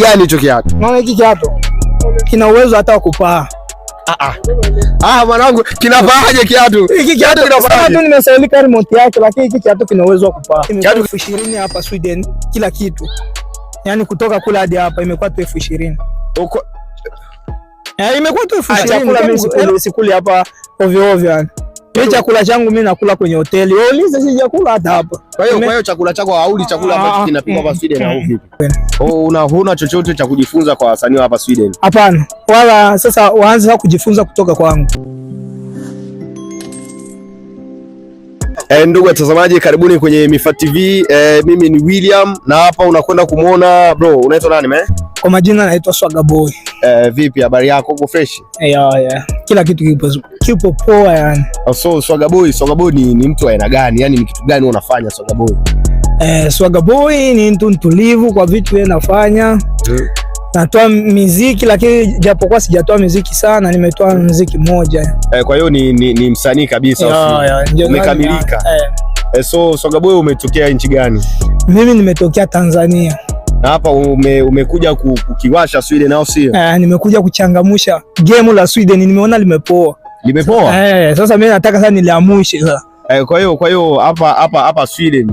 bei gani hicho kiatu? Naona hiki kiatu kina uwezo hata wa kupaa. Ah ah. Ah, mwanangu kinapaaje kiatu? Hiki kiatu kinapaaje? Nimesailika remote yake lakini hiki kiatu kina uwezo wa kupaa. Kiatu elfu ishirini hapa Sweden kila kitu. Yaani kutoka kule hadi hapa imekuwa tu elfu ishirini. Uko eh, imekuwa tu elfu ah, ishirini. Chakula mimi yaani sikuli hapa ovyo ovyo yani. Mimi chakula changu mimi nakula kwenye hoteli. Wewe uliza si chakula hata hapa. Kwa hiyo kwa hiyo chakula chako hauli chakula ah, ambacho ah, kinapikwa hapa mm. Sweden au vipi? Oh, una huna chochote cha kujifunza kwa wasanii hapa Sweden? Hapana. Wala sasa waanze sasa kujifunza kutoka kwangu. E, ndugu watazamaji karibuni kwenye Mifa TV. E, mimi ni William na hapa unakwenda kumuona bro, unaitwa nani me? Kwa majina naitwa Swagaboy. Eh, vipi habari yako? Uko fresh? Yeah, yeah. Kila kitu kipo kipo poa yani. Ah, so Swaga Boy, Swaga Boy ni, ni mtu aina gani? yani, ni kitu gani unafanya Swaga Boy? Eh, Swaga Boy ni mtu mtulivu kwa vitu yeye nafanya. Mm. Eh. Natoa miziki lakini japokuwa sijatoa miziki sana, nimetoa mziki mmoja. Eh, kwa hiyo ni, ni, ni msanii kabisa yeah, yeah, umekamilika. Eh. eh, so Swaga Boy umetokea nchi gani? Mimi nimetokea Tanzania. Na hapa ume, umekuja kukiwasha Sweden au sio? Eh, nimekuja kuchangamusha gemu la Sweden, nimeona limepoa limepoa eh. Sasa mimi nataka sasa niliamushe sasa eh. Kwa hiyo kwa hiyo hapa hapa hapa Sweden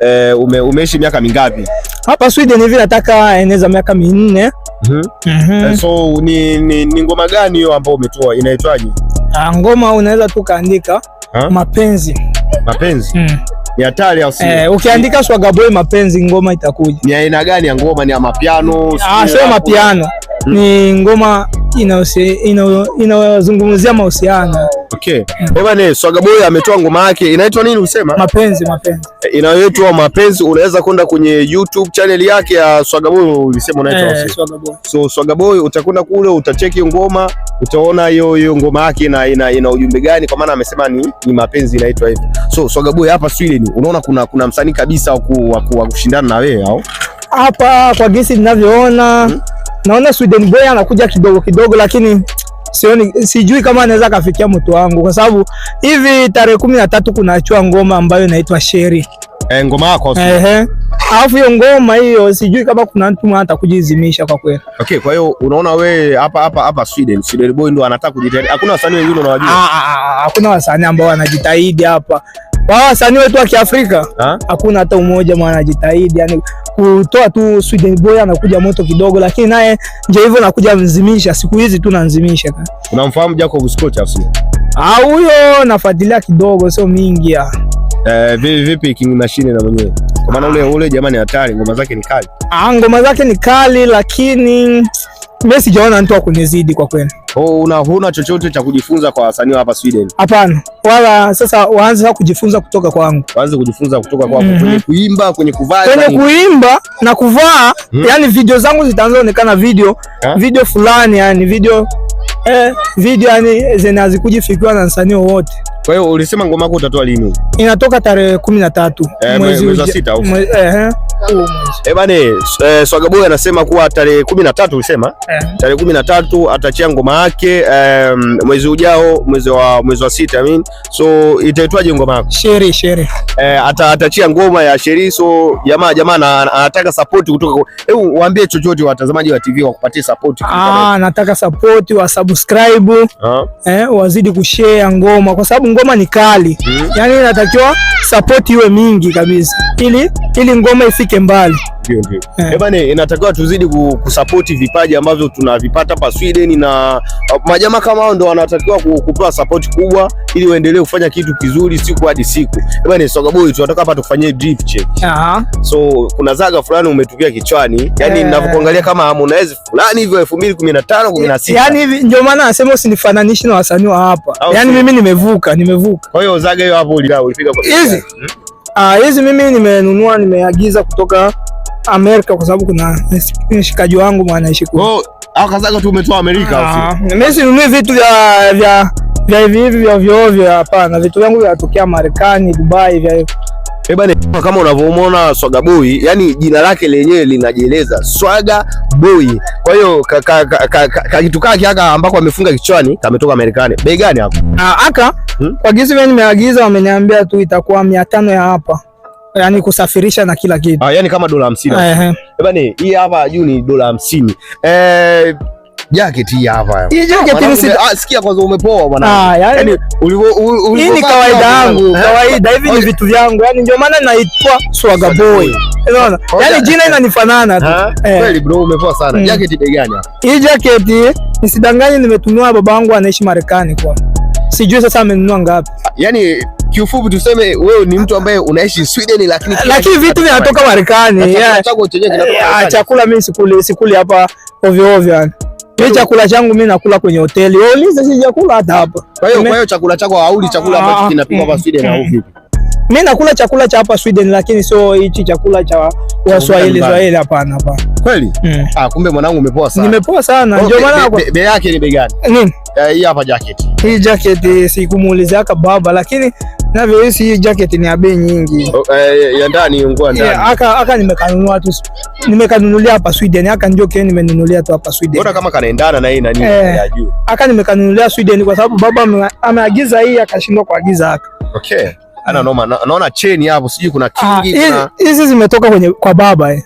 eh, ume, umeishi miaka mingapi hapa Sweden? Hivi nataka eneza miaka minne. Mhm. mm -hmm. Eh, so ni, ni, ni ngoma gani hiyo ambayo umetoa inaitwaje? Ah, ngoma unaweza tu kaandika mapenzi mapenzi mm. Ni hatari au si? Eh, ukiandika Swaga Boy mapenzi ngoma itakuja. Ni aina gani ya ngoma? Ni ya mapiano? Ah, sio mapiano. Hmm. Ni ngoma inayozungumzia mahusiano. Okay. Bwana Swaga Boy ametoa ngoma yake inaitwa nini usema? Mapenzi, mapenzi. Eh, inayoitwa Mapenzi, unaweza kwenda kwenye YouTube channel yake ya Swaga Boy ulisema unaitwa eh, Swaga Boy. So Swaga Boy utakwenda kule utacheki ngoma, utaona hiyo hiyo ngoma yake na ina, ina ujumbe gani kwa maana amesema ni, ni mapenzi inaitwa hivyo. So Swaga Boy hapa Sweden unaona kuna kuna msanii kabisa wa kushindana na wewe au? Hapa kwa gisi ninavyoona hmm? naona Sweden Boy anakuja kidogo kidogo, lakini sioni, sijui kama anaweza kafikia mtu wangu, kwa sababu hivi tarehe kumi na tatu kunaachwa ngoma ambayo inaitwa Sheri. E, eh, ngoma yako. Ehe. Alafu hiyo ngoma hiyo sijui kama kuna mtu hata kujizimisha kwa kweli. Okay, kwa hiyo unaona we hapa hapa hapa Sweden, Sweden Boy ndo anataka kujitahidi. Hakuna wasanii wengine unawajua? Ah, ah, ah, ah hakuna wasanii ambao wanajitahidi hapa. Wao wasanii wetu wa Kiafrika hakuna hata umoja mwanajitahidi. Yaani kutoa tu Sweden boy anakuja moto kidogo, lakini naye ndio hivyo nakuja mzimisha. Siku hizi tu nanzimisha. Unamfahamu Jacob Scott FC? Ah, huyo nafuatilia kidogo, sio mingi ya. Eh, vipi vipi King Machine na mwenyewe? Kwa maana ule ule jamani hatari, ngoma zake ni kali. Ah, ngoma zake ni kali lakini mimi sijaona mtu akunizidi kwa kweli. Oh, una huna chochote cha kujifunza kwa wasanii hapa Sweden? Hapana. Wala sasa waanze kujifunza kutoka kwangu. Waanze kujifunza kutoka kwako mm -hmm. Kwenye kuimba, kwenye kuvaa. Kwenye kuimba na kuvaa, mm -hmm. Yani video zangu zitaanza kuonekana video, ha? Video fulani yani video eh, video yani zinazikujifikiwa na msanii wowote. Kwa hiyo ulisema ngoma yako utatoa lini? Inatoka tarehe 13 eh, mwezi wa 6 au? Eh. Eh bane e, eh, anasema kuwa tarehe kumi na tatu ulisema yeah. Tarehe kumi na tatu atachia ngoma yake um, mwezi ujao mwezi wa mwezi wa sita I mean. So itaitwaje ngoma yako? Sheri sheri. Eh, ata, atachia ngoma ya sheri. So jamaa jamaa anataka support kutoka, hebu waambie chochote watazamaji wa TV wa kupatia support. Ah, nataka support wa subscribe ah. eh, wazidi kushare ngoma kwa sababu ngoma ni kali mm. Yani inatakiwa support iwe mingi kabisa ili ili ngoma ifike tufike mbali. Ndio, ndio. Eh, eh bwana, inatakiwa tuzidi kusapoti vipaji ambavyo tunavipata pa Sweden, na uh, majama kama hao ndio wanatakiwa kupewa support kubwa ili waendelee kufanya kitu kizuri siku hadi siku. Eh, bwana, Soga Boy, tunataka hapa tufanyie drip check. Aha. So kuna zaga fulani umetukia kichwani, yani eh. ninavyokuangalia kama Harmonize fulani hivyo 2015 16. Yani hivi ndio maana nasema usinifananishe na wasanii wa hapa. Yani mimi nimevuka, nimevuka. Kwa hiyo zaga hiyo hapo ulipiga kwa hizi hmm? Ah, hizi mimi nimenunua nimeagiza kutoka Amerika kwa sababu kuna mshikaji wangu anaishi kule. Oh, akazaka tu umetoa Amerika au ah, si? Mimi sinunui vitu vya vya vya hivi hivi vya ovyo ovyo, hapana. Vitu vyangu vinatokea Marekani, Dubai vya hivi. Eh, kama unavyomwona Swaga Boy, yani jina lake lenyewe linajieleza Swaga Boy. Kwa hiyo ka, ka, aka ambako amefunga kichwani kametoka Marekani. Bei gani hapo? Ah, aka hmm? Kwa gisi gani nimeagiza wameniambia tu itakuwa 500 ya hapa. Yaani kusafirisha na kila kitu. Ah, yani kama dola 50. Eh, eh. hii hapa juu ni dola 50. Eh jacket hii hapa. Hii jacket ah, ni sita. Ah, sikia kwanza umepoa bwana. Ah, yani yaani, hii ni kawaida yangu, eh? kawaida hivi ni vitu vyangu. Yani ndio maana naitwa Swaga Boy. Unaona? Yani jina inanifanana tu. Eh? Eh. Kweli bro umepoa sana. Mm. Jacket bei gani hapa? Hii jacket nisidanganye, nimetumiwa baba yangu anaishi Marekani kwa. Sijui sasa amenunua ngapi. Yaani kiufupi tuseme wewe ni mtu ambaye unaishi Sweden lakini lakini vitu vinatoka ah, Marekani. Chakula mimi sikuli sikuli hapa ovyo ovyo yani. Mimi yaani yaani chakula changu mimi nakula kwenye hoteli. Wewe uliza si chakula hata hapa. Kwa hiyo kwa hiyo chakula chako hauli chakula ambacho ah, kinapikwa hapa mm, Sweden au mm. vipi? Mimi nakula chakula cha hapa Sweden lakini sio hichi chakula cha Waswahili Swahili, hapana hapana. Kweli? Mm. Ah, kumbe mwanangu umepoa sana. Nimepoa sana. Ndio maana hapo. bei yake ni bei gani? Nini? Eh, hii hapa jacket. Hii jacket sikumuuliza aka baba lakini navyohisi hii jacket ni ya bei nyingi. Oh, eh, ya ndani ungua eh, ndani. Aka aka nimekanunua tu nimekanunulia hapa Sweden, aka ndio kile nimenunulia tu hapa Sweden. Bora kama kanaendana na hii nani eh, ya juu. Aka nimekanunulia Sweden kwa sababu baba ameagiza hii akashindwa kuagiza haka. Okay. Ana noma. Naona cheni hapo sijui kuna ah, kingi na hizi zimetoka kwenye kwa baba eh.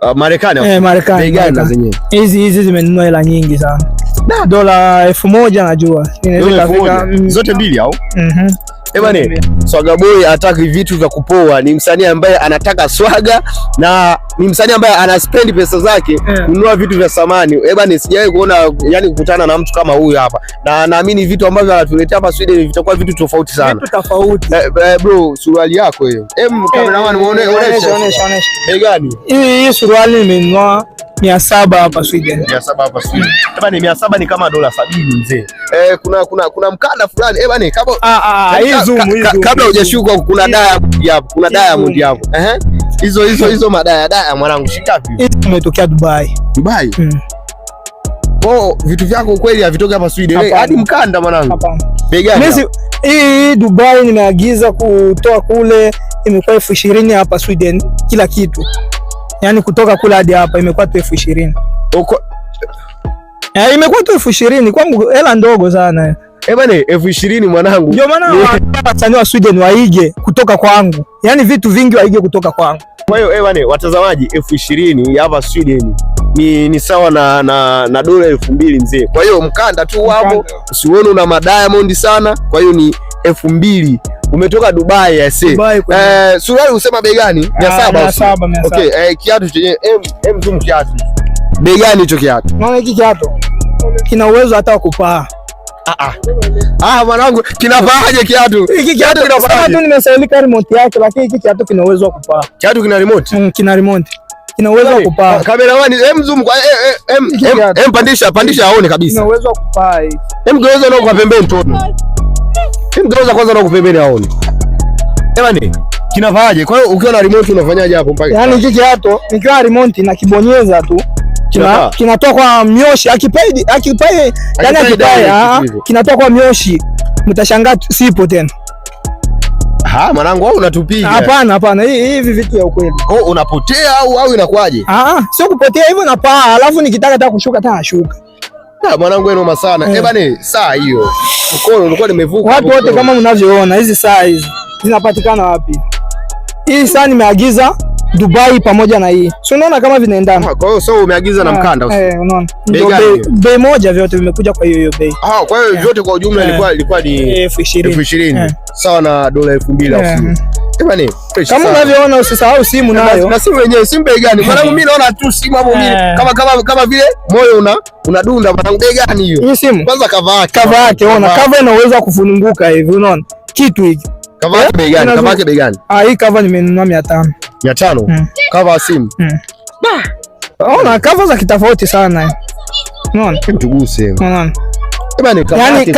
Ah, Marekani. Eh, Marekani. Bei gani zenyewe? Hizi hizi zimenunua hela nyingi sana. Na dola elfu moja najua. Inaweza mm. zote mbili au? Mhm. Ebane, Swaga Boy hataki vitu vya kupoa. Ni msanii ambaye anataka swaga na ni msanii ambaye ana spend pesa zake eh. kununua yeah, vitu vya samani. Ebane, sijawahi kuona yani kukutana na mtu kama huyu hapa, na naamini vitu ambavyo anatuletea hapa Sweden vitakuwa vitu tofauti sana, vitu tofauti. Eh, eh, bro, suruali yako hiyo, em, eh, cameraman, eh, muone, onesha, onesha, onesha, bei gani hii? Hii suruali nimenunua mia saba hapa Sweden. Mia saba hapa Sweden. Eh bana, mia saba ni kama dola sabini mzee. Eh, kuna kuna kuna mkanda fulani eh bana, kabla ah, ah, ah, kabla hujashuka kuna diamond hapo, kuna diamond hapo. Eh, hizo hizo hizo madaya daya mwanangu shika shikapi. Hizo umetokea Dubai. Dubai. Mm. Oh, vitu vyako kweli havitoki hapa Sweden. Eh, hadi mkanda mwanangu. Mimi hii Dubai nimeagiza kutoa kule imekuwa elfu ishirini hapa Sweden kila kitu yani kutoka kula hadi hapa imekuwa tu elfu ishirini eh, imekuwa tu elfu ishirini kwangu, hela ndogo sana eh bana, elfu ishirini mwanangu. Ndio maana wasanii wa Sweden waige kutoka kwangu, yani vitu vingi waige kutoka kwangu. Kwa hiyo eh watazamaji, elfu ishirini hapa Sweden ni, ni sawa na, na, na dola elfu mbili mzee. Kwa hiyo mkanda tu wapo, usione una madiamond sana, kwa hiyo ni elfu mbili umetoka Dubai I see. Dubai eh, suruali usema bei gani? Ah, mia saba. Okay, eh, kiatu chenye M tu eh, kiatu. Bei gani hicho kiatu? Naona hiki kiatu kina uwezo hata wa kupaa. Ah ah. Ah, mwanangu kinapaaje kiatu? Hiki kiatu kinapaaje? Tu nimesailika remote yake lakini hiki kiatu kina uwezo wa kupaa. Kiatu kina remote? Mm, kina remote. Kina uwezo wa kupaa. Kameraman, hem zoom kwa hem eh, eh, hem pandisha pandisha aone kabisa. Kina uwezo wa kupaa. Hem geuza nao kwa pembeni tu mgeuza kwanza na kupembeni aone. Ebani, kinavaaje? Kwa hiyo ukiwa na remote unafanyaje hapo mpaka? Yaani kiki hapo, nikiwa remote na kibonyeza tu. Kina, kinatoa kwa mioshi akipai akipai yani akipai ah, kinatoa kwa mioshi, mtashangaa sipo tena. Ha, mwanangu au unatupiga? Hapana, hapana. Hii hivi vitu ya ukweli. Oh, unapotea au au inakwaje? Ah, ah, sio kupotea hivyo napaa alafu nikitaka hata kushuka hata ashuka. Ah, mwanangu wenu sana Eh, eh saa hiyo mkono ulikuwa nimevuka. Watu wote kama mnavyoona hizi saa hizi zinapatikana wapi? Hii saa nimeagiza Dubai pamoja na hii, so unaona kama vinaendana. Ah, kwa hiyo so umeagiza na ah, mkanda usi. Eh, unaona bei moja, vyote vimekuja kwa hiyo hiyo bei. Ah, kwa hiyo eh. vyote kwa ujumla eh. ilikuwa ilikuwa ni elfu ishirini sawa na dola elfu mbili kama unavyoona usisahau simu nayo. Na simu yenyewe simu bei gani? Mwanangu mimi naona tu simu hapo mimi eh. kama kama kama vile moyo una unadunda mwanangu bei gani hiyo? Hii simu. Kwanza yake. yake ona. wa kufunguka hivi unaona? Kitu hiki. kava yake eh? bei gani? kava yake bei gani? Ah, hii nimenunua 500. 500. ya simu. Hmm. Bah. Ona za kitofauti sana. Unaona? Mtuguse. Unaona? Yaani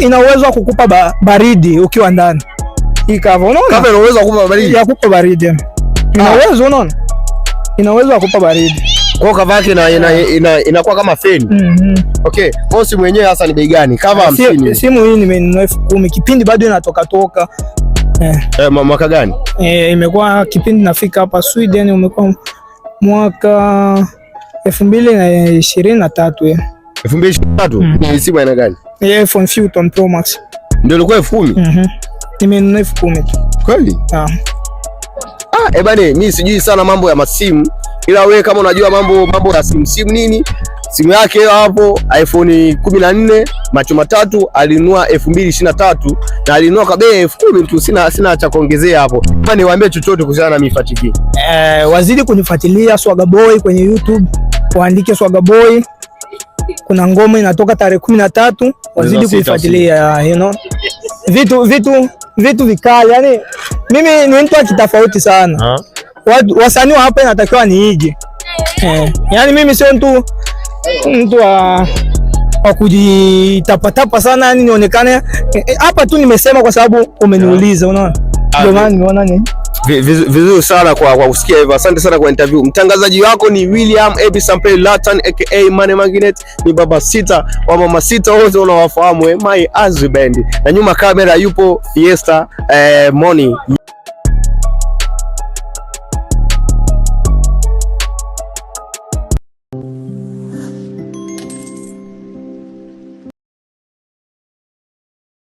ina uwezo wa kukupa baridi ukiwa ndani ikava. Unaona kama inaweza kukupa baridi, yakupa baridi, inaweza. Unaona inaweza kukupa baridi kwa kava yake ina, ina, ina, inakuwa kama feni. mm -hmm. Okay, kwa simu yenyewe hasa ni bei gani? Kama 50. Simu hii nimenunua elfu kumi kipindi bado inatoka toka. Eh. Eh, mwaka gani? Eh, imekuwa kipindi nafika hapa Sweden umekuwa mwaka elfu mbili na ishirini na tatu. Eh. Elfu mbili ishirini na tatu. Mm. Ni simu aina gani? iPhone Fusion Pro Max. Ndio ilikuwa elfu kumi. Mhm. Nimenunua elfu kumi. Kweli? Ah. ah. eh bana, mimi sijui sana mambo ya masimu ila wewe kama unajua mambo mambo ya simu simu nini simu yake hiyo hapo iPhone 14 macho matatu alinunua 2023 na alinunua kwa bei ya 10,000 tu. Sina sina cha kuongezea hapo. Kama waambie chochote kuhusiana na Mifa TV. Eh, wazidi kunifuatilia Swaga Boy kwenye YouTube, waandike Swaga Boy. Kuna ngoma inatoka tarehe 13, wazidi kunifuatilia you know vitu vitu vitu vikali. Yani mimi ni mtu wa kitofauti sana, ah. wasanii wa hapa inatakiwa niige. Eh, yani mimi sio mtu mtu wa wa kujitapatapa sana, yani nionekane eh, hapa tu. Nimesema kwa sababu umeniuliza, unaona, ah, ndio maana nimeona ni Vizuri sana kwa, kwa kusikia hivyo. Asante sana kwa interview. Mtangazaji wako ni William Epi Sample Latan aka Mane Magnet, ni baba sita wa mama sita, wote unawafahamu eh, My Azzy na nyuma kamera yupo Fiesta eh, Money.